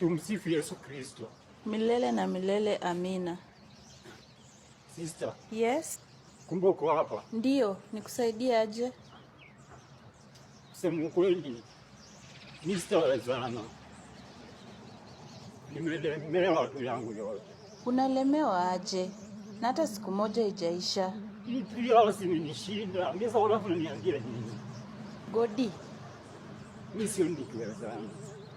Tumsifu Yesu Kristo milele na milele. Amina. Sister, yes. Kumbe uko hapa? Ndio, nikusaidie aje? Sema kweli, mimi sitawezana, nimelemewa tu yangu yote. Unalemewa aje? na hata siku moja ijaisha. Godi, ni kufunga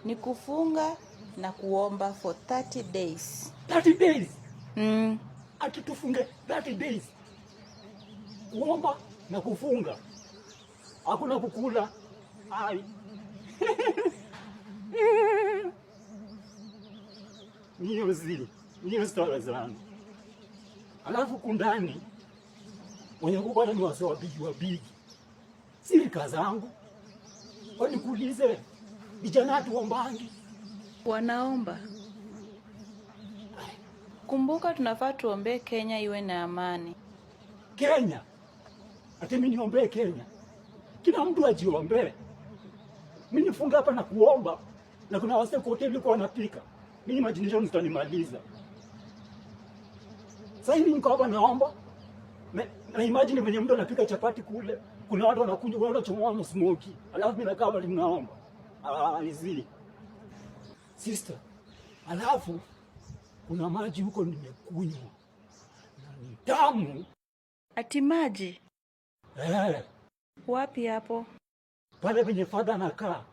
nikufunga na kuomba for 30 days. 30 days. Mm. Akitufunge 30 days. Kuomba na kufunga. Hakuna kukula. Ai. Niyo zili. Niyo stori zangu. Alafu kundani wenye kupata ni wasowa wabigi wa bigi. Siri kazangu. Wanikuulize vijana tuombangi wanaomba. Kumbuka, tunafaa tuombee Kenya iwe na amani. Kenya ati mimi niombee Kenya? Kila mtu ajiombee. Mimi nifunga hapa na kuomba, na kuna wase kote liko wanapika, mimi majinisho mtanimaliza. Sasa hivi niko hapa naomba na imagine venye mtu anapika chapati kule, kuna watu wanakunywa, wanachomoa msmoki, alafu mimi nakaa bali naomba. Ah, izili sister, alafu kuna maji huko nimekunywa na ni tamu. Ati maji eh? Wapi hapo? Pale penye fadha nakaa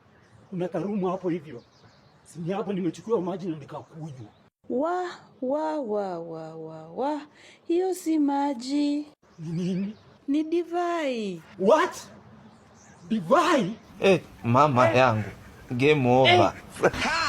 kuna karumu hapo hivyo, sini hapo nimechukua maji na nikakunywa. Wa wa wa wa wa wa, hiyo si maji. Ni nini? Ni divai. What? Divai? Eh, mama eh, yangu game over eh.